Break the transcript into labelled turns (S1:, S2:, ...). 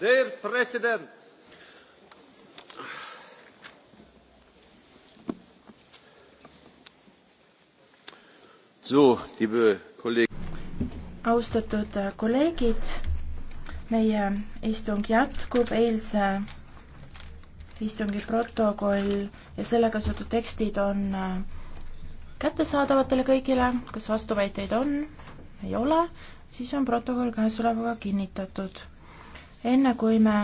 S1: Dear President,
S2: so, liebe Kollegen.
S3: austatud kolleegid, meie istung jätkub, eilse istungi protokoll ja sellega seotud tekstid on äh, kättesaadavad teile kõigile, kas vastuväiteid on? ei ole, siis on protokoll käesolevaga kinnitatud.
S4: enne kui me